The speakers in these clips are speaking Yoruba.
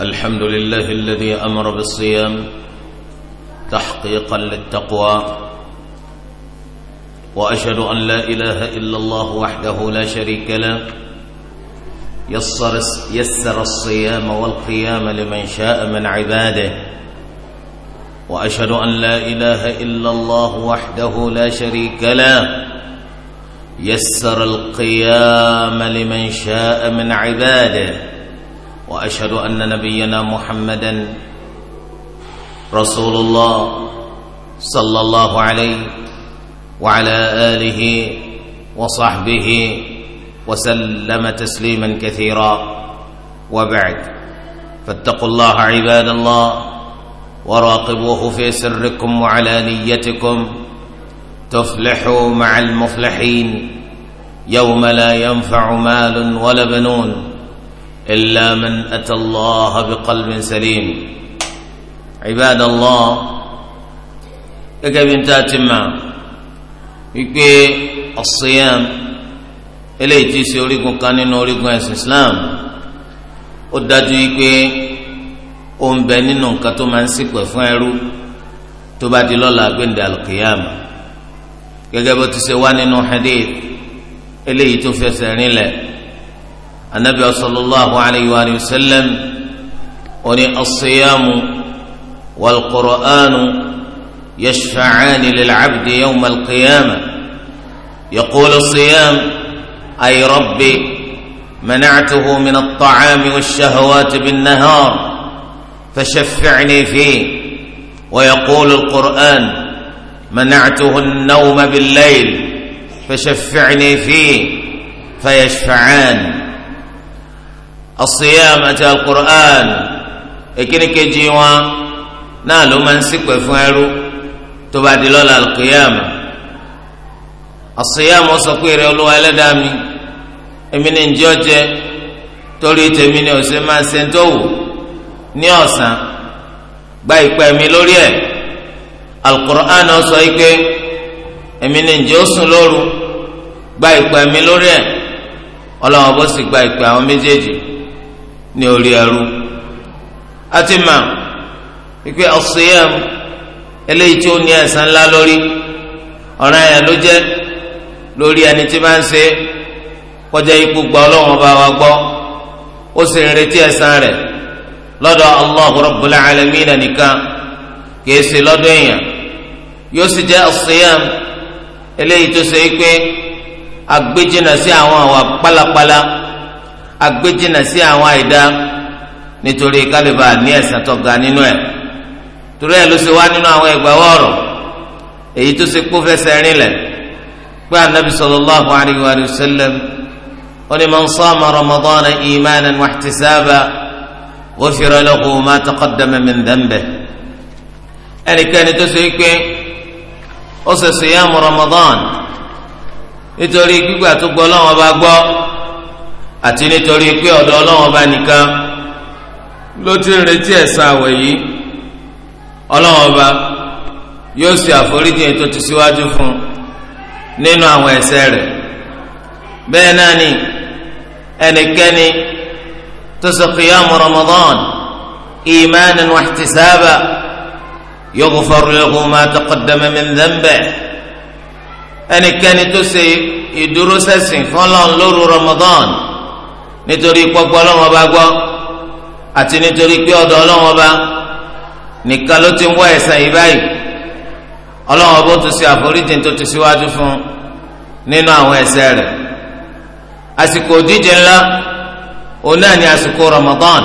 الحمد لله الذي أمر بالصيام تحقيقا للتقوى وأشهد أن لا إله إلا الله وحده لا شريك له يسر, يسر الصيام والقيام لمن شاء من عباده وأشهد أن لا إله إلا الله وحده لا شريك له يسر القيام لمن شاء من عباده واشهد ان نبينا محمدا رسول الله صلى الله عليه وعلى اله وصحبه وسلم تسليما كثيرا وبعد فاتقوا الله عباد الله وراقبوه في سركم وعلى نيتكم تفلحوا مع المفلحين يوم لا ينفع مال ولا بنون إلا من أتى الله بقلب سليم عباد الله gẹ́gẹ́ bí n ta ti mọ̀ wípé ọ̀sìyàn eléyìí ti ṣe orígun kan nínú orígun ẹ̀sìn Islam ó dájú wípé ó ń bẹ nínú nǹkan tó máa ń ṣìpẹ̀ fún ẹrú tó bá di lọ́la gbẹ̀ndẹ̀ alùkìyàmù gẹ́gẹ́ bó ti ṣe wá nínú hadith eléyìí tó fẹsẹ̀ rinlẹ̀. النبي صلى الله عليه وآله وسلم أني الصيام والقرآن يشفعان للعبد يوم القيامة يقول الصيام أي ربي منعته من الطعام والشهوات بالنهار فشفعني فيه ويقول القرآن منعته النوم بالليل فشفعني فيه فيشفعان asiyam àti alukur'an èkíní kejì wọn náà ló máa ń ṣìpẹ̀ fún ẹrú tó bá di lọ́la alukiyam asiyam sọ pé ìrẹ olúwa ẹlẹ́dàá mi èmi ní njẹ́ ọjẹ́ torí tèmi ni òsè máa ṣe ń tó ní ọ̀sán gba ìpè mi lórí ẹ̀ èmi ní njẹ́ lóru gba ìpè mi lórí ẹ̀ ọlọ́wọ́ gba ìpè àwọn méjèèjì. ní orí ẹrú àti mà wípé ọ̀sìyàm eléyìí tí ó ní ẹ̀san ńlá lórí ọ̀ràn yẹn ló jẹ́ lórí ẹni tí máa ń ṣe kọjá ikú gbọ ọlọ́run bá wa gbọ́ ó sì ń retí ẹ̀san rẹ̀ lọ́dọ̀ Allahu Rabbul Alamin nìkan kìí ṣe lọ́dọ̀ èèyàn yóò sì jẹ́ ọ̀sìyàm eléyìí tó ṣe é pé agbéjìnà sí awa àwa Pala agbéjìnà sí àwọn àìdá nítorí kálíbà ní ẹ̀san tó ga nínú ẹ̀ torí ẹ̀ ló ṣe wá nínú àwọn ẹgbà wọ̀ọ̀rọ̀ èyí tó ṣe kó fẹsẹ̀ rinlẹ̀ pé anabi sallallahu alayhi wa sallam ó ní man sama ramadana imanan wa ihtisaba ghufira lahu ma taqaddama min dhanbihi ẹnikẹ́ni tó ṣe pé ó ṣe siyamu ramadan nítorí gbígbà tó gbọ́ lọ́wọ́ bá gbọ́ àti nítorí pé ọ̀dọ̀ ọlọ́run ọba nìkan ló ti ń retí ẹ̀san àwẹ̀ yìí ọlọ́run ọba yóò ṣe àforíjì ètò ti síwájú fún un nínú àwọn ẹ̀ṣẹ̀ rẹ̀ bẹ́ẹ̀ náà ni ẹnikẹ́ni tó ṣe qiyamu Ramadan imanan wa ihtisaban yughfar lahu ma taqaddama min dhanbihi ẹnikẹ́ni tó ṣe ìdúróṣẹ́sìn fún Ọlọ́run lóru Ramadan nítorí pọ́pọ́ ọlọ́wọ́n bá gbọ́ àti nítorí pé ọ̀dọ̀ ọlọ́wọ́n bá nìkan ló ti ń wá ẹ̀san yìí báyìí ọlọ́wọ́n bó tún ṣe àforíjì tó ti síwájú fún nínú àwọn ẹ̀ṣẹ̀ rẹ̀ àsìkò òdíje ńlá òun náà ni àsìkò Ramadan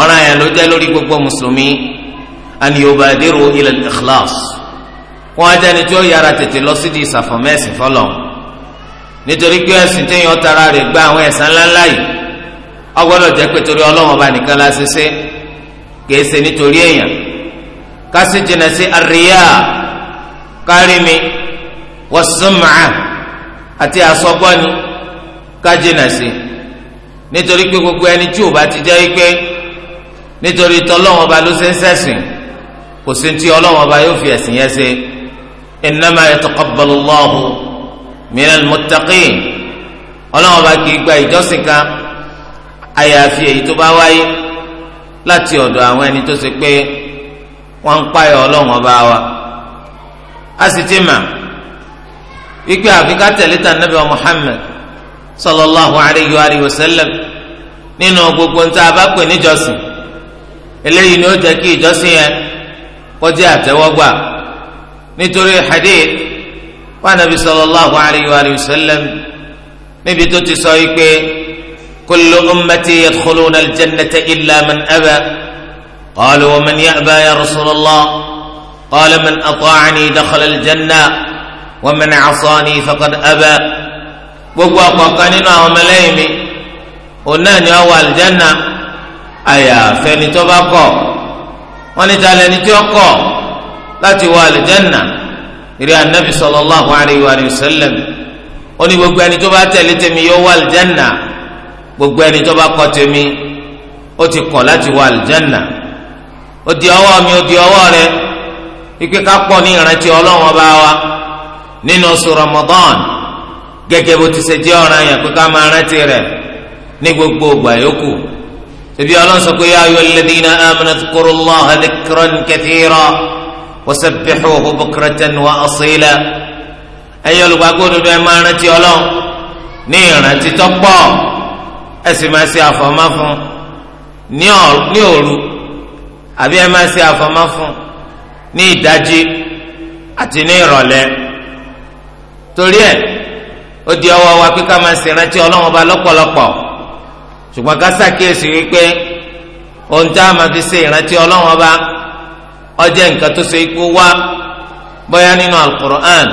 ọ̀ràn yẹn ló jẹ́ lórí gbogbo mùsùlùmí an yubadiru ila al-ikhlas wọ́n á jẹ́ tí ó yára tètè lọ sídìí ìsàfọ̀mẹ́sì fọlọ́n nítorí pé ẹ̀sìn téèyàn tara rẹ̀ gba àwọn ẹ̀san ńláńlá yìí ó gbọ́dọ̀ jẹ́ pé torí Ọlọ́run ọba nìkan la ṣe ṣe kìí ṣe nítorí èèyàn ká sì jìnnà sí àríyá kárí mi wọ́sùnmá àti àsọgbọ́ni ká jìnnà sí nítorí pé gbogbo ẹni tí ò bá ti jẹ́ pé nítorí tọ́lọ́run ọba ló ṣe ń ṣẹ̀sìn kò sí ti Ọlọ́run ọba yóò fi ẹ̀sìn yẹn ṣe innama yataqabbalu Allahu. minal muttaqin ọlọ́wọ́n bá kì í gba ìjọsìn kan àyàfi èyí tó bá wáyé láti ọ̀dọ̀ àwọn ẹni tó ṣe pé wọ́n ń páyọ̀ ọlọ́wọ́n wa a sì ti mà wípé tẹ̀lé tà nàbẹ̀ sallallahu alayhi wa wa sallam nínú gbogbo ntá a bá pè níjọsìn eléyìí ni ó jẹ́ kí ìjọsìn yẹn wa nabi sallallahu alayhi wa sallam níbi tó ti sọ yìí pé kullu ummati yadkhuluna aljannata illa man aba qalu wa man yaba ya rasulallah qala man ata'ani dakhala aljanna wa man asani faqad aba gbogbo ọ̀kọ̀ọ̀kan nínú àwọn ọmọlẹ́yìn mi òun náà ni wọ́n wọ aljanna àyàfẹ́ ni tó bá kọ̀ wọ́n ní ta lẹni tí ó kọ̀ láti wọ aljanna ìrì anabi sallallahu alayhi wa sallam ó ní gbogbo ẹni tó bá tẹ̀lé tèmi yóò wọ aljanna gbogbo ẹni tó bá kọ̀ tèmi ó ti kọ̀ láti wọ aljanna ó di ọwọ́ mi ó di ọwọ́ rẹ ike ká pọ̀ ní ìrántí ọlọ́wọ́n bá wa nínú oṣù Ramadan gẹ́gẹ́ bó ti ṣe jẹ́ ọ̀ràn yẹn pé ká máa rántí rẹ̀ ní gbogbo ìgbà yòókù ṣebí Ọlọ́run sọ pé yā ayyuhalladhīna wasabbihuhu bukratan wa asila ẹ̀yin olùgbàgbọ́ òdodo ẹ̀ máa rántí ọlọ́run ní ìrántí tó pọ̀ ẹ̀ sì máa ṣe àfọ̀mọ́ fún ní òru àbí ẹ̀ máa ṣe àfọ̀mọ́ fún ní ìdájí àti ní ìrọ̀lẹ́ torí ẹ̀ ó di ọwọ́ wa pé ọjẹ́ nǹkan tó ṣe ikú wá bóyá nínú alukur'an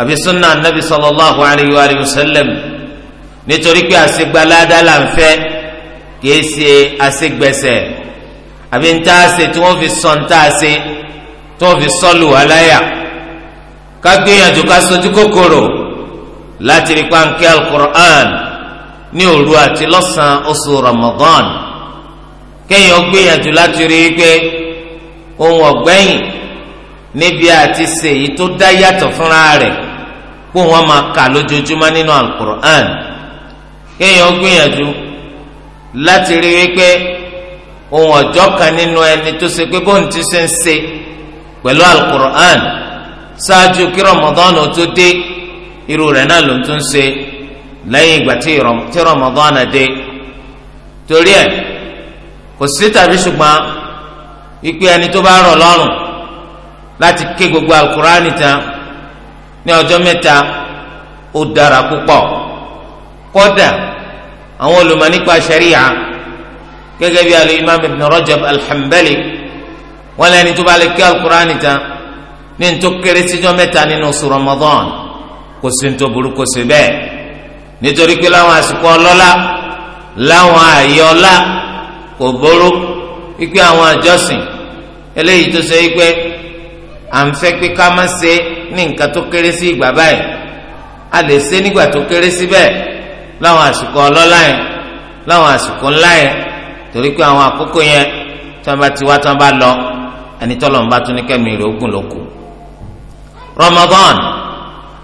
àbí sunna anabi sallallahu alayhi wa sallam nítorí pé àṣegbáládá là ń fẹ́ kìí ṣe àṣegbẹ̀sẹ̀ àbí ń tá a ṣe tí wọ́n fi sọ ń tá a ṣe tí wọ́n fi sọ́lù aláyà ká gbìyànjú ká sojú kòkòrò láti rí pàǹkẹ́ alukur'an ní òru àti lọ́sàn-án oṣù ramadan kéèyàn gbìyànjú láti rí i pé. ohun ọ̀gbẹ́yìn níbi àti ṣe èyí tó dá yàtọ̀ fúnra rẹ̀ kó ka máa kà lójoojúmọ́ nínú alukur'an kéèyàn gbìyànjú láti rí wípé ohun ọ̀jọ́ kan nínú ẹni tó ṣe pé bóun ti ṣe ń ṣe pẹ̀lú alukur'an ṣáájú kí Ramadan tó dé irú rẹ̀ náà ló ń tún ṣe lẹ́yìn ìgbà tí Ramadan dé torí kò sí tàbí ṣùgbọ́n. wípé ẹni tó bá rọ̀ lọ́rùn láti ké gbogbo alukurani tán ní ọjọ́ mẹ́ta ó dára púpọ̀ kódà àwọn olùmọ̀ nípa ṣẹ̀ríyà gẹ́gẹ́ bí al-Imam Ibn Rajab al-Hanbali wọ́n lẹ́ni tó bá lè ké alukurani tán ní ntó kéré síjọ́ mẹ́ta nínú oṣù Ramadan kò sí ntó burú sí bẹ́ẹ̀ nítorí pé láwọn àsìkò ọlọ́lá láwọn àyè ọlá kò burú wípé àwọn àjọsìn eléyìí tó ṣe wípé à ń fẹ́ pé ká má ṣe ní nǹkan tó kéré sí ìgbà báyìí a lè ṣe nígbà tó kéré sí bẹ́ẹ̀ láwọn àsìkò ọlọ́lá yẹn láwọn àsìkò ńlá yẹn torí pé àwọn àkókò yẹn tí wọ́n bá ti wá tí wọ́n bá lọ ẹni tọ́lọ̀ ń bá tún ní kẹ́mi rẹ̀ ogun ló kù. Ramadan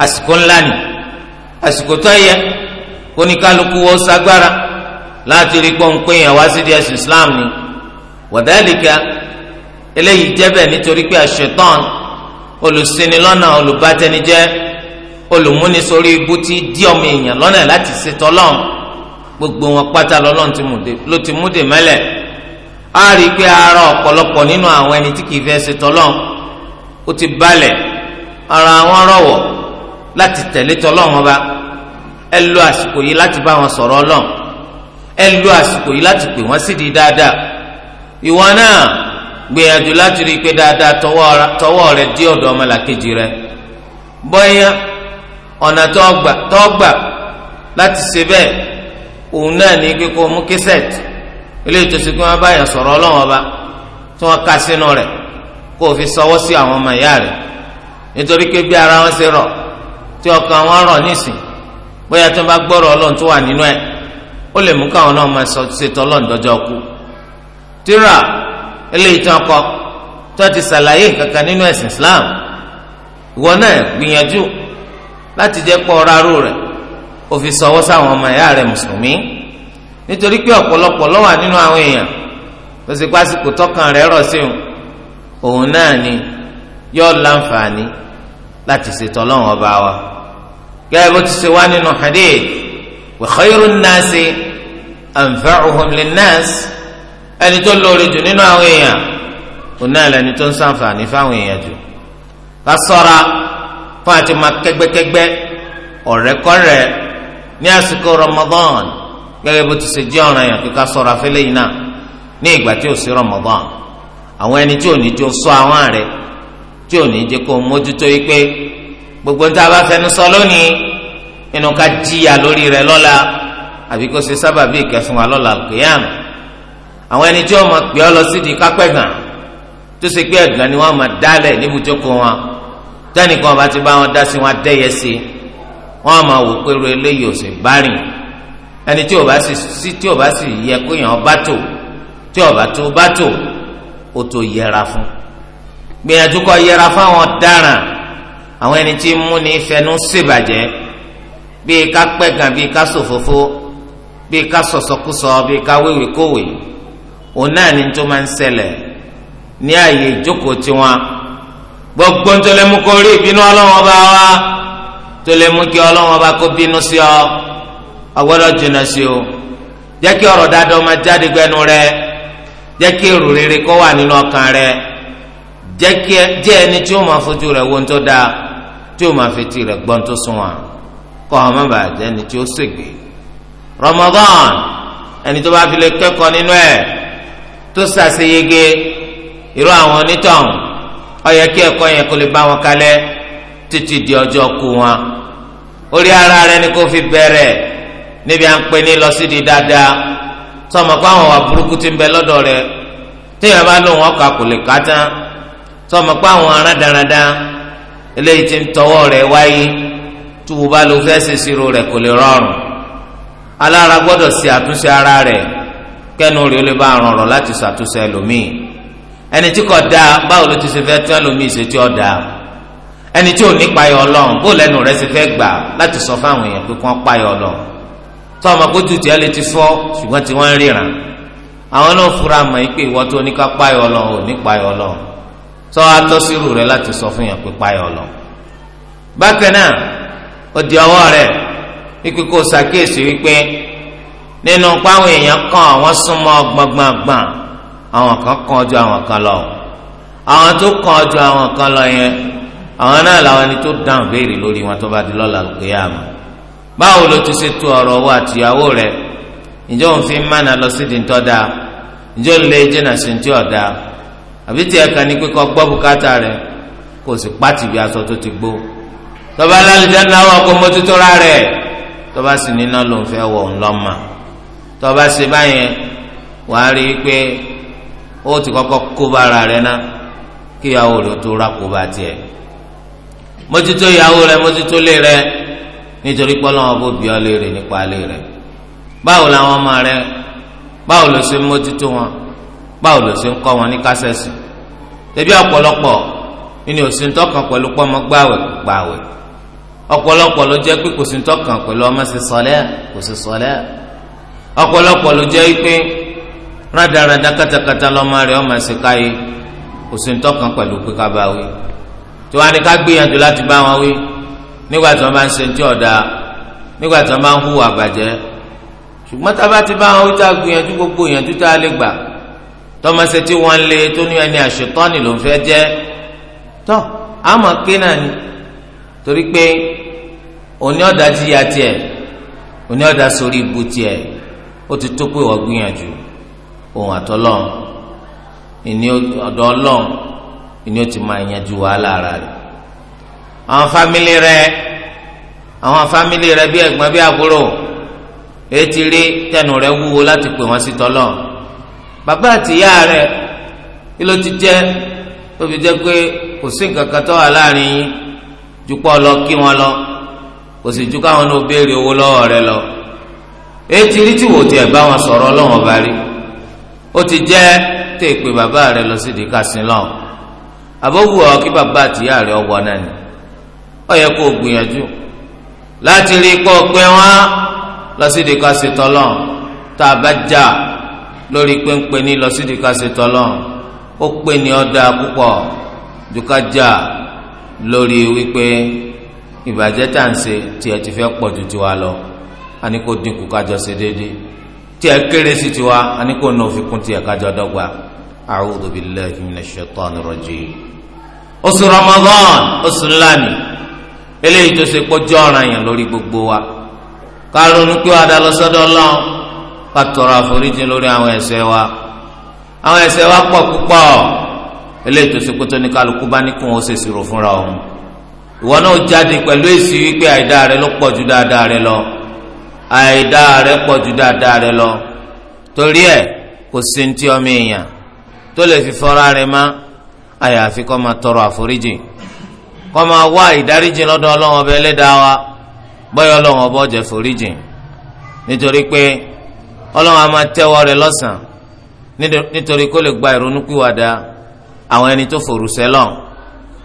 àsìkò ńlá ni àsìkò tó yẹ kóníkálukú wọ́n sagbára láti rí pọ́ńpé yẹn wá sí díẹ̀ sí Islam ni wàdálìkà eléyìí jẹ́ bẹ́ẹ̀ nítorí pé àṣetán olùṣinilọ́nà olùbátẹnijẹ́ olùmúni sórí ibú tí dí ọmọ èèyàn lọ́nà láti ṣètọ́ lọ́n gbogbo wọn pátá lọ́lọ́n ló ti múdè mẹ́lẹ̀ á rí i pé ara ọ̀pọ̀lọpọ̀ nínú àwọn ẹni tí kìí fẹ́ ṣètọ́ lọ́n ó ti balẹ̀ ara wọn rọ̀wọ̀ láti tẹ̀lé tọ́lọ́run ọba ẹ lo àsìkò yìí láti bá wọn sọ̀rọ̀ ọlọ́run ẹ lo àsìkò yìí láti pè wọ́n sídìí dáadáa ìwọ náà gbìyànjú láti rí i pé dáadáa tọwọ́ rẹ dí ọ̀dọ̀ ọmọlàkejì rẹ bóyá ọ̀nà tọ́gbà láti ṣe bẹ́ẹ̀ òun náà ní kíkó mú késẹ̀t ilé ìtòsí kí wọ́n bá yàn sọ̀rọ̀ ọlọ́wọ́n ọba tí wọ́n ka sínú rẹ̀ kó o fi sọwọ́ sí àwọn ọmọ ìyá rẹ̀ nítorí pé bí ara wọn ṣe rọ̀ tí ọkàn wọn rọ̀ nísìn bóyá tí wọ́n bá gbọ́rọ̀ ọlọ́run tó wà nínú ẹ̀ ó lè mú káwọn náà máa ṣètò ọlọ́run dọ́jọ́ kú tíra eléyìí tí wọn kọ tó ti ṣàlàyé kankan nínú ẹ̀sìn Islam ìwọ náà gbìyànjú láti jẹ́ pọ̀ rárú rẹ̀ ó fi sọwọ́ sáwọn ọmọ ìyá rẹ̀ mùsùlùmí nítorí pé ọ̀pọ̀lọpọ̀ ló wà nínú àwọn èèyàn tó sì pásìkò tọkàn rẹ̀ rọ̀ sí òun òun náà ni yóò láǹfààní láti ṣètò ọlọ́run ọba wa gẹ́gẹ́ bó ti ṣe wá nínú hadith wa khayrun nasi anfa'uhum lin nas ẹni tó lóore jù nínú àwọn èèyàn òun náà lẹni tó ń sàǹfààní fáwọn èèyàn jù ká ṣọ́ra fún àti máa kẹ́gbẹ́kẹ́gbẹ́ ọ̀rẹ́kọ́rẹ́ ní àsìkò Ramadan gẹ́gẹ́ bó ti ṣe jẹ́ ọ̀ràn yàn kíkà ṣọ́ra fẹlẹ yìí náà ní ìgbà tí ò sí Ramadan àwọn ẹni tí ò ní jó sọ àwọn rẹ tí ò ní jẹ kó mójútó yìí pé gbogbo níta bá fẹnu sọ lónìí inú ká jìyà lórí rẹ lọ́la àbí ṣe sábàbí ìkẹfún wa lọ́la kìíyàmù àwọn ẹni tí wọ́n máa pè ọ lọ sí di kápẹ́gàn tó ṣe pé ẹ̀gàn ni wọ́n máa dálẹ̀ níbùjókò wọn tẹ́nìkan bá ti bá wọn dá sí wọn adẹ́yẹ sí wọ́n máa wò pé ru eléyìí ò sì bá rìn ẹni tí ò bá sì tí ò bá sì yẹ kó yàn ọ́ bá tò tí ò bá tó bá tò ó tó yẹra fún gbìyànjú kó yẹra fún àwọn ọ̀daràn àwọn ẹni tí ń múni fẹnu ṣèbàjẹ́ bíi ká pẹ́gàn bíi ká ṣòfófó bíi ká sọ̀sọ̀kúsọ bíi ká wéwèé kówèé òun ni tó máa ń ṣẹlẹ̀ ní ààyè ìjókòó tiwọn gbogbo tó lè mú kó rí ìbínú ọlọ́wọ́n bá wa tó lè mú kí ọlọ́wọ́n bá kó bínú sí ọ ọgbọ́dọ̀ jìnnà sí o jẹ́ kí ọ̀rọ̀ dáadáa máa jáde gbẹnu rẹ jẹ́ kí èrò rere kó wà nínú ọkàn rẹ jẹ́ kí jẹ́ ẹni tí ó máa fojú rẹ wo ń tó tí ó máa tó ṣàṣeyege irú àwọn onítọ̀hún ó yẹ kí ẹ̀kọ́ yẹn kó lè bá wọn kalẹ̀ títí di ọjọ́ kú wọn orí ara rẹ ni kò fi bẹ̀rẹ̀ níbi à ń pè ní lọsídìí dáadáa sọmọ pé àwọn wà burúkú ti ń bẹ lọ́dọ̀ rẹ téèyàn bá lóun ọkà kò lè ká tán sọmọ pé àwọn aráda-aráda eléyìí ti ń tọwọ́ rẹ wáyé túwú bá lo fẹ́ ṣe ìṣirò rẹ kò lè rọrùn alára gbọ́dọ̀ ṣe àtúnṣe ara rẹ̀ kẹ́nu rẹ̀ ó lè bá àrùn ọ̀rọ̀ láti ṣàtúnṣe ẹlòmíì ẹni tí kò dáa báwo ló ti ṣe fẹ́ tún ẹlòmíì ṣe tí ó dáa ẹni tí ò ní payọ̀ ọlọ́run bó lẹ́nu rẹ̀ ṣe fẹ́ gbà láti sọ fáwọn èèyàn pé kí wọ́n payọ̀ ọlọ́run tó ọmọ kójú tiẹ̀ lè ti fọ́ ṣùgbọ́n tí wọ́n ń ríran àwọn náà fura mọ̀ yìí pé ìwọ tó ní ká payọ̀ ọlọ́run ò ní payọ̀ ọlọ́run tó wá tọ́ sírù rẹ̀ láti sọ fún yàn pé payọ̀ ọlọ́run bákan náà ó di ọwọ́ rẹ̀ wípé kó ṣàkíyèsí wípé nínú páwọn èèyàn kan àwọn súnmọ́ gbọngbọngbọn àwọn kan kàn ju àwọn kan lọ àwọn tó kàn ju àwọn kan lọ yẹn àwọn náà làwọn ẹni tó dáhùn béèrè lórí wọn tó bá di lọ́la lùkìyàmù báwo ló ti ṣe tó ọ̀rọ̀ owó àtìyàwó rẹ̀ ǹjẹ́ òun fi mánà lọ sí di ńtọ́ dáa òun lè jìnnà sí ti ọ̀dà àbí tí ẹ̀ka ní kíkọ́ gbọ́ bùkátà kò sì pàtì bí aṣọ tó ti gbó tọ́ba alálejò náà kó tó bá ṣe báyẹn wàá rí i pé ó ti kọ́kọ́ kó bára rẹ̀ ná kí ìyàwó rẹ̀ tó rákò bá tiẹ̀ mójútó ìyàwó rẹ̀ mójútó lé rẹ̀ nítorí pé ọlọ́wọ́n bó bí ọ léèrè nípa lé rẹ̀ báwo làwọn ọmọ rẹ̀ báwo ló ṣe ń mójútó wọn báwo ló ṣe ń kọ́ wọn ní kásẹ̀sì tẹ̀bí ọ̀pọ̀lọpọ̀ nínú òsì ntọ́kàn pẹ̀lú pọ́mọ gbàwẹ̀ gbàwẹ̀ ọ̀pọ̀lọpọ̀ ló jẹ́ pé kò sí ntọ́kàn pẹ̀lú ọmọ sí sọlẹ́ kò sí sọlẹ́ ọ̀pọ̀lọpọ̀ ló jẹ́ pé rádaràda katakata lọ́mọ rẹ̀ ọmọ ẹ̀sìn káyé kò sí ntọ́kàn pẹ̀lú pé ká bá wí tí wọ́n á ní ká gbìyànjú láti bá wọn wí nígbà tí wọ́n bá ń ṣe ntí ọ̀dà nígbà tí wọ́n bá ń hùwà bàjẹ́ ṣùgbọ́n tá ti bá wọn wí tá gbìyànjú gbogbo ìyànjú tá a lè gbà tọ́mọṣẹ́ tí wọ́n lé tó ní ẹni àṣetọ́ni ló ń fẹ́ jẹ́ tọ́ àmọ́ pé náà ni torí pé òní ọ̀dà ti yà tiẹ̀ òní ọ̀dà sórí ibu tiẹ̀ ó ti tó pé wọ́n gbìyànjú ohun àtọ́lọ́run ìní ọ̀dọ̀ ọlọ́run ìní ó ti máa yanjú wàhálà ara rẹ̀ àwọn fámìlì rẹ̀ àwọn fámìlì rẹ̀ bí ẹ̀gbọ́n bí àbúrò etí rí tẹnu rẹ̀ wúwo láti pè wọ́n sí tọ́lọ́run bàbá àtìyá rẹ̀ kí ló ti jẹ́ tó fi jẹ́ pé kò sí nǹkan kan tó wà láàrin yín jù lọ kí wọ́n lọ kò sì jù káwọn náà béèrè owó lọ́wọ́ rẹ̀ lọ etí rí tí wò tí ẹ bá wọn sọ̀rọ̀ Ọlọ́run ọba rí ó ti jẹ́ tẹ ìpè bàbá rẹ lọ sí ìdí kásìn lọ́hùn àbọ̀wù ọ kí bàbá àtìyá rẹ ọwọ́ náà ni ó yẹ kó o gbìyànjú láti rí kó o pé wọn lọ sí ìdí kásìn tọ́lọ́hùn tá a bá jà lórí péńpé ní lọ sí ìdí kásìn tọ́lọ́hùn ó pè ní ọ̀dà púpọ̀ dùkájà lórí wípé ìbàjẹ́ tà tiẹ̀ ti fẹ́ pọ̀ ju tiwa lọ àní kò dínkù kájọ ṣe déédéé tí ẹ kéré sí tiwa àní kò náà fi kún tiẹ̀ kájọ dọ́gba a'udhu billahi minash shaitani rajim. oṣù Ramadan oṣù ńlá ni eléyìí tó ṣe kọjọ́ ọ̀ràn yẹn lórí gbogbo wa ká ronú pé wàá dalọ sọ́dọ̀ ká tọrọ àforíjì lórí àwọn ẹ̀ṣẹ̀ wa àwọn ẹ̀ṣẹ̀ wa pọ̀ púpọ̀ eléyìí tó ṣe kọjọ́ ní kálukú bá ní kí wọn ó ṣèṣirò fúnra òun ìwọ náà jáde pẹ̀lú èsì wípé àìdá rẹ ló pọ̀ ju dáadáa rẹ lọ àìdá rẹ pọ̀ ju dáadáa lọ torí ẹ kò sí ti ọmọ èèyàn tó lè fi fọ́ra rẹ̀ má àyàfi máa tọrọ àforíjì kó máa wá ìdáríjì lọ́dọ̀ ọlọ́wọ́n ọbẹ̀ ẹlẹ́dàá wa bọ́yọ̀ ọlọ́wọ́n nítorí pé ọlọ́wọ́n a máa tẹ́wọ́ lọ́sàn nítorí kó lè gba ìrònúpìwàdà àwọn ẹni tó fòrùsẹ́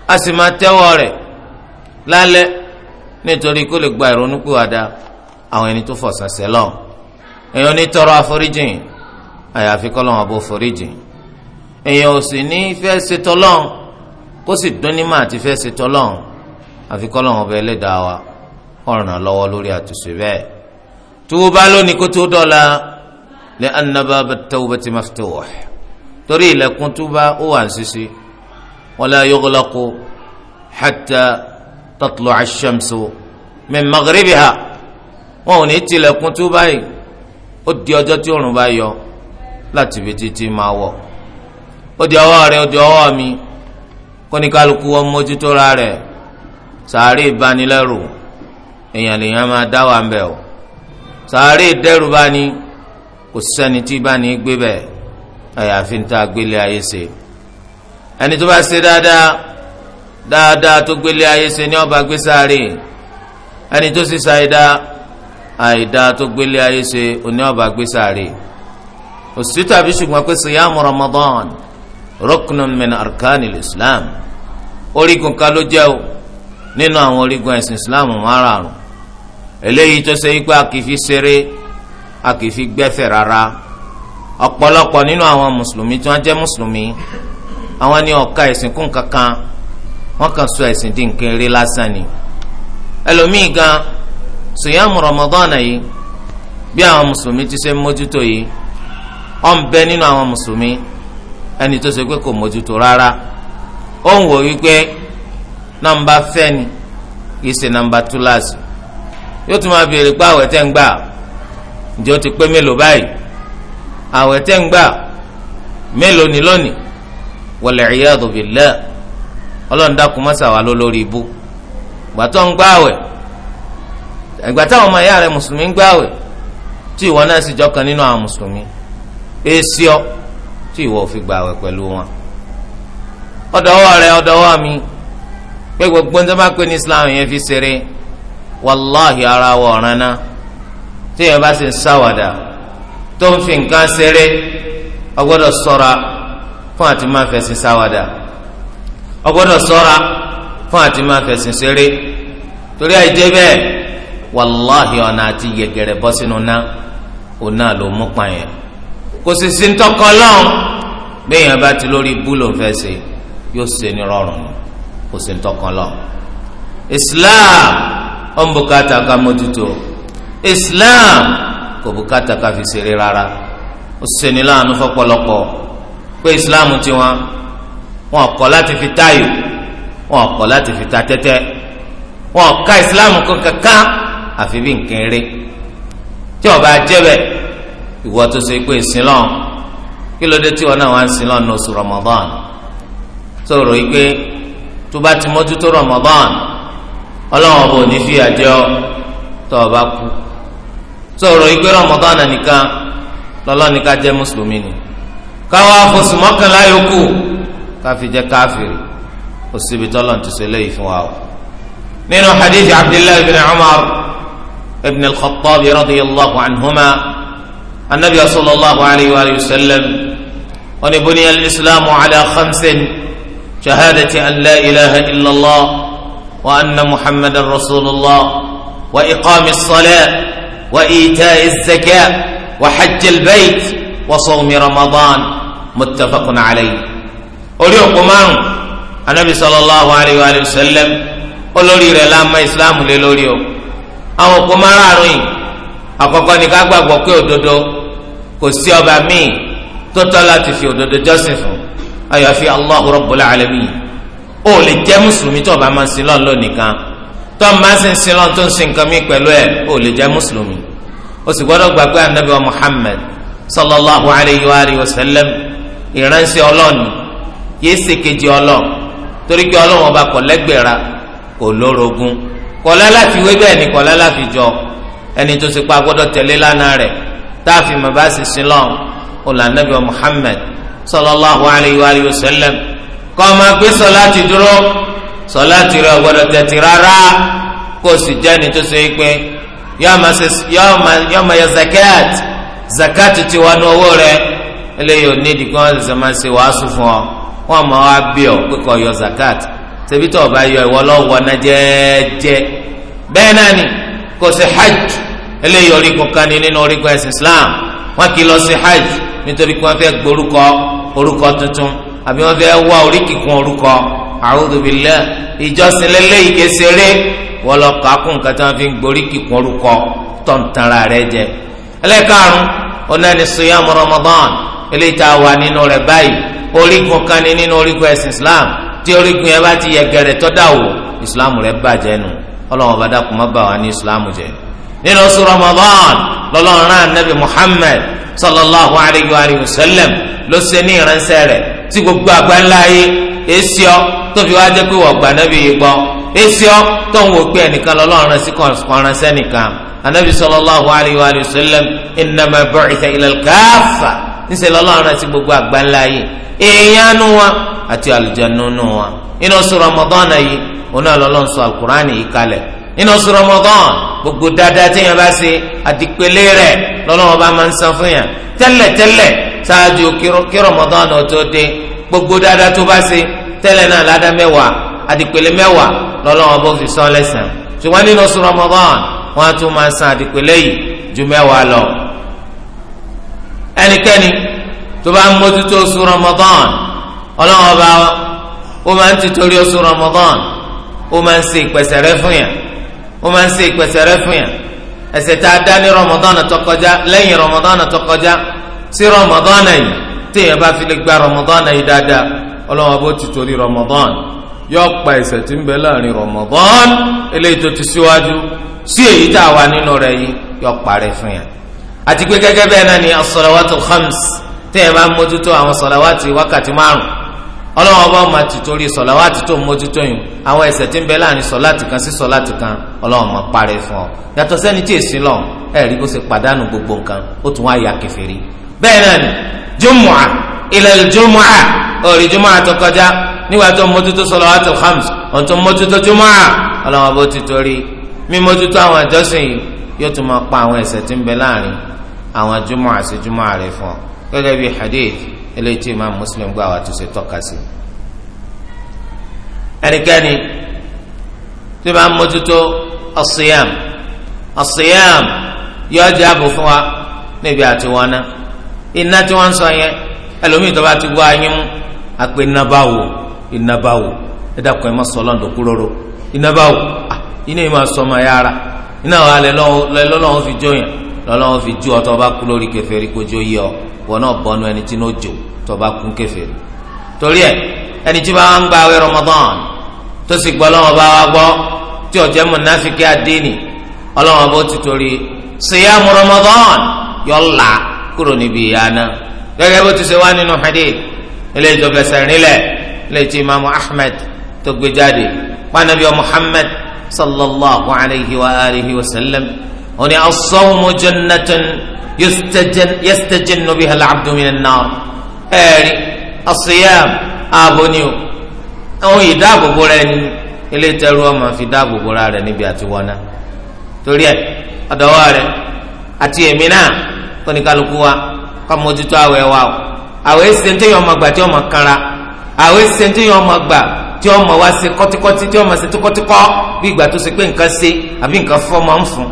a sì máa tẹ́wọ́ lálẹ́ nítorí kó lè gba ìrònúpìwàdà àwọn ẹni tó fọ̀sán sẹ́lọ̀ èèyàn ní tọrọ àforíjìn àyàfi kọ́lọ́wọ́n bó foríjìn èèyàn ò sì ní fẹ́ ṣe tọ́lọ́n kó sì dún ní máa ti fẹ́ ṣe tọ́lọ́n àfi kọ́lọ́wọ́n bẹ ẹlẹ́dàá wa ọ̀ràn lọ́wọ́ lórí àtúnṣe bẹ́ẹ̀ tuuba lónìí kó tó dọ̀la lẹ́ anababa tawbati maftuh torí ilẹ̀kùn tuuba ó wà ń sisi wala yughlaqu hatta tatlu'a ash-shamsu min maghribiha wọn ò ní tilẹ̀kùn tú báyìí ó di ọjọ́ tí òòrùn bá yọ láti ibi títí máa wọ̀ ó di ọwọ́ rẹ ó di ọwọ́ mi kóníkálukú wọn mójútó ra rẹ̀ sàárè ìbanilẹ́rù èèyàn lèèyàn máa dá wà ń bẹ̀ o sàárè ìdẹ́rù bá ní kò sẹ́ni tí bá ní gbé bẹ̀ àyàfi ń ta gbélé ayé ṣe ẹni tó bá ṣe dáadáa dáadáa tó gbélé ayé ṣe ní ọba gbé sàárè ẹni tó sì ṣàìdá àìdá tó gbélé ayé ṣe oní ọba gbèsàrè òsì tàbí ṣùgbọ́n pé siyamu ramadan ruknun min arkanil islam orígun kan ló jẹ́ o nínú àwọn orígun ẹ̀sìn islam márààrún eléyìí tó ṣe wípé a kì í fi ṣeré a kì í fi gbẹ́fẹ̀ rárá ọ̀pọ̀lọpọ̀ nínú àwọn mùsùlùmí tí wọ́n jẹ́ mùsùlùmí àwọn ni ọ̀ka ẹ̀sìn kún kankan wọ́n kàn sọ ẹ̀sìn dín kéré lásán ni ẹlòmíì gan-an sùyàmù rọmọdọ́nà yìí bí àwọn mùsùlùmí ti ṣe mójútó yìí ó ń bẹ nínú àwọn mùsùlùmí ẹni tó ṣe pé kò mójútó rárá ó ń wò wípé nọ́mbà fẹ́ni kì í ṣe nọ́mbà túláàsì yóò tún máa béèrè pé àwẹ̀ tẹ́ ń gbà ǹjẹ́ ó ti pé mélòó báyìí àwẹ̀ tẹ́ ń gbà mélòó ni ìgbà táwọn ọmọ ìyá rẹ mùsùlùmí ń gbààwẹ̀ tí ìwọ náà sì jọkan nínú àwọn mùsùlùmí èsì ọ tí ìwọ fi gbààwẹ̀ pẹ̀lú wọn. ọ̀dọ̀wọ́ rẹ ọ̀dọ̀wọ́ mi pé gbogbo nígbà pé ní Islam yẹn fi ṣeré wàláhì ara wọ ọ̀ràn náà tí ìyẹn bá sì ń sáwàdà fún àti máa sáwàdà ọgbọdọ sọra fún àti máa ṣeré torí wàláhì ọ̀nà àti yẹ̀gẹ̀rẹ̀ bọ́ sínú ná òun ló mú pa yẹn kò sì sí ntọ́kọ lọ́hùn bá ti lórí ibú fẹ́ yóò Islam ó bùkátà ká mójútó Islam kò bùkátà ká fi rárá ó ní Islam tiwọn wọn kọ̀ láti fi táyò wọn kọ̀ láti fi ta tẹ́tẹ́ wọn ká Islam kankan àfi bí nǹkan eré tí ó bá jẹ́ bẹ́ẹ̀ ìwọ tó ṣe pé ìsìn lọ́n kí ló dé tí wọn náà wá ń sin lọ́n ní oṣù Ramadan sọ̀rọ̀ yìí pé tó bá ti mójútó Ramadan ọlọ́wọ́n bò ní fi àjọ tó o bá kú sọ̀rọ̀ yìí pé Ramadan nìkan lọ́lọ́ni jẹ́ mùsùlùmí ni káwá fòsù mọ́kànlá yòókù káfi jẹ́ káfìrì òsibítọ́lọ́n ti ṣe léyìí fún wa o nínú hadith Abdullahi bin Umar. ابن الخطاب رضي الله عنهما النبي صلى الله عليه وآله وسلم بني الإسلام على خمس شهادة أن لا إله إلا الله وأن محمد رسول الله وإقام الصلاة وإيتاء الزكاة وحج البيت وصوم رمضان متفق عليه أوليكم النبي صلى الله عليه وآله وسلم أولي rẹ̀ إسلام ma àwọn òkú márààrún yìí àkọ́kọ́ ni ká gbàgbọ́ pé òdodo kò sí ọba míì tó tọ́ láti fi òdodo jọ́sìn fún àyàfi Allahu Rabbul Alamin ó lè jẹ́ mùsùlùmí tó bá máa ń sin lọ́n lónìí kan tó máa ń sin sin lọ́n tó ń sin nǹkan míì pẹ̀lú ẹ̀ ó lè jẹ́ mùsùlùmí ó sì gbọ́dọ̀ gbà pé anabi wa Muhammad sallallahu alayhi wa alihi wa sallam ìránṣẹ́ ọlọ́ọ̀ni yéé ṣèkejì ọlọ́ọ̀ torí pé ọlọ́wọ́n kọlá láfi wé bẹ́ẹ̀ ni kọlá láfi jọ ẹni tó ti pa gbọ́dọ̀ tẹ̀lé lánàá rẹ̀ táàfin màbá sì sin lọ́n olànàbí wa Muhammad sallallahu alayhi wa alihi wa sallam kọ́ ọ máa gbé sọláàtì dúró sọláàtì rẹ̀ gbọ́dọ̀ tẹ̀tì rárá kó o sì jẹ́ ẹni tó ṣe é pé yọ́ọ́ máa yọ zakat zakat ti wà ní owó rẹ̀ eléyìí ò ní ìdí kí máa ṣe wàásù fún ọ wọ́n máa wá bí ọ pé kó o yọ zakat ṣebí tó o bá yọ ìwọ lọ́wọ́ náà jẹ́ẹ́jẹ́ bẹ́ẹ̀ náà ni kò sí hajj eléyìí orígun kan ní nínú orígun ẹ̀sìn Islam wọn kì í lọ sí hajj nítorí pé wọ́n fẹ́ gborúkọ orúkọ tuntun àbí wọ́n fẹ́ wá oríkì kún orúkọ a'udhu billah ìjọsìn lélẹ́yìí ké seré wọ́n lọ kàákùn nǹkan tí wọ́n fi ń gboríkì orúkọ tọ̀ntara rẹ jẹ ẹlẹ́karùn ọ̀nà ni siyam Ramadan eléyìí tá a wà nínú rẹ̀ báyìí orígun kan ní nínú orígun ẹ̀sìn Islam tí orígun yẹn bá ti yẹ gẹrẹ tọ́da wò ìsìláàmù rẹ bàjẹ́ nù ọlọ́wọ́n bá dákun má bà wá ní ìsìláàmù jẹ́ nínú oṣù Ramadan lọ́lọ́run rán anabi Muhammad sallallahu alayhi wa sallam ló ṣe ní ìránṣẹ́ rẹ̀ tí gbogbo àgbáńlá yìí èsì ọ tó fi wá jẹ́ pé wọ́n gba anabi yìí gbọ́ èsì ọ tó ń wò pé ẹnìkan lọ́lọ́run rán sí kọ́ńránṣẹ́ nìkan anabi sallallahu alayhi wa sallam innama bu'itha ila al-kaffa ńṣe lọ́lọ́run sí gbogbo àgbáńlá yìí èèyàn nu wọn àti àlùjánu nù wa inú oṣù rọmọdán yìí oní ọlọ́lọ́ sọ alukur'ani yìí kalẹ̀ inú oṣù rọmọdán gbogbo dáadáa téèyàn bá ṣe àdìpẹ́lẹ́ rẹ̀ lọ́lọ́wọ́ bá máa ń san fún yàn tẹ́lẹ̀tẹ́lẹ̀ ṣáájú kí rọmọdán tó dé gbogbo dáadáa tó bá ṣe tẹ́lẹ̀ náà ládàá mẹ́wàá àdìpẹ́lẹ́ mẹ́wàá lọ́lọ́wọ́ bó fi san lẹ́sàn ṣùgbọ́n nínú oṣù rọmọdán wọ́n á tún máa san àdìpẹ́lẹ́ yìí ju mẹ́wàá lọ ẹnikẹ́ni tó bá ń mójútó oṣù rọmọdán ọlọ́run ọba ó máa ń tìtorí oṣù Ramadan ó máa ń ṣe ìpẹ̀sẹ̀ rẹ fún yàn ó máa ń ṣe ìpẹ̀sẹ̀ rẹ fún yàn ẹ̀ṣẹ̀ tá a dá ní Ramadan tó kọjá lẹ́yìn Ramadan tó kọjá sí Ramadan yìí téèyàn bá fi lè gba Ramadan yìí dáadáa ọlọ́run ọba ó tìtorí Ramadan yóò pa ẹ̀ṣẹ̀ tí ń bẹ láàrin Ramadan eléyìí tó ti síwájú sí èyí tá a wà nínú rẹ̀ yìí yóò parẹ́ fún yàn àti pé bẹ́ẹ̀ náà ni as-salawatul khams téèyàn bá mójútó àwọn salawati wákàtí márùn-ún ọlọ́wọ́n ọba ọmọ ti torí sọ̀láwátì tó mójútó yìí àwọn ẹ̀ṣẹ̀ tí ń bẹ láàrin sọ̀láàtì kan sí sọ̀láàtì kan ọlọ́wọ́n máa parẹ́ fún ọ yàtọ̀ sẹ́ni tí èsì lọ ẹ̀ rí bó ṣe pàdánù gbogbo nǹkan ó tún wá ya kèfèrí. bẹ́ẹ̀ náà ni jùmùà ilal jùmùà òòrì jùmùà tó kọjá nígbà tó mójútó sọ̀láwátì hams ọ̀n tó mójútó jùmùà ọlọ́wọ́n bó ti torí mímójútó àwọn ìjọsìn yìí yóò eléyìí tí imam muslim gbọ́ àwọn àtúnṣe tọ́ka sí ẹnikẹ́ni tí máa ń mójútó ọ̀sìyàm ọ̀sìyàm yóò jẹ́ ààbò fún wa níbi àti wọn náà iná tí wọ́n ń sọ yẹn ẹlòmíì tó bá ti gbọ́ ayé mú àpè nàbàwò ìnàbàwò ẹ dàpọ̀ ẹ má sọ lọ́dọ̀ kúròrò ìnàbàwò iná yìí máa sọ ọmọ ya ara iná wa lẹ lọ́lọ́wọ́ fi jó yẹn lọ́lọ́wọ́ fi jó ọtọ́ bá kú lórí kẹfẹ́ rí kó jó yẹ ọ wọn náà bọ́nu ẹni tí náà jó tó bá kún kèfèrí torí ẹ ẹni tí bá ń gba àwẹ̀ Ramadan tó sì gbọ́ lọ́wọ́ bá wa gbọ́ tí ó jẹ́ mùnáfíkì àdínì ọlọ́wọ́ bó ti torí síyàmù Ramadan yọ là kúrò níbi ìyáná gẹ́gẹ́ bó ti ṣe wá nínú hadith ilé ìjọba sẹ̀rìnlẹ̀ ilé tí imaamu Ahmed tó gbé jáde pànàbí Muhammad sallallahu alayhi wa alihi wa sallam oní as-sawmu jannatun yastajannu biha al-abdu min ẹ̀rí asiyam aboni, ni o àwọn ìdáàbòbò rẹ ni ilé tẹrù ọmọ fi dáàbòbò ra rẹ níbi àti wọná torí ẹ ọdọwọ rẹ àti èmi náà kọ́nìkálukú wa ká mójútó àwẹ̀ wa o àwẹ̀ ẹsẹ̀ tí yọ̀ọ́ ma gbà tí yọ̀ọ́ ma kanra àwẹ̀ ẹsẹ̀ tí yọ̀ọ́ ma gbà tí yọ̀ọ́ ma wá kọ́tíkọ́tí tí yọ̀ọ́ ma tíkọ́tíkọ́ bí ìgbà tó ṣe pé nǹkan ṣe àbí nǹkan fọ́ ma ń fún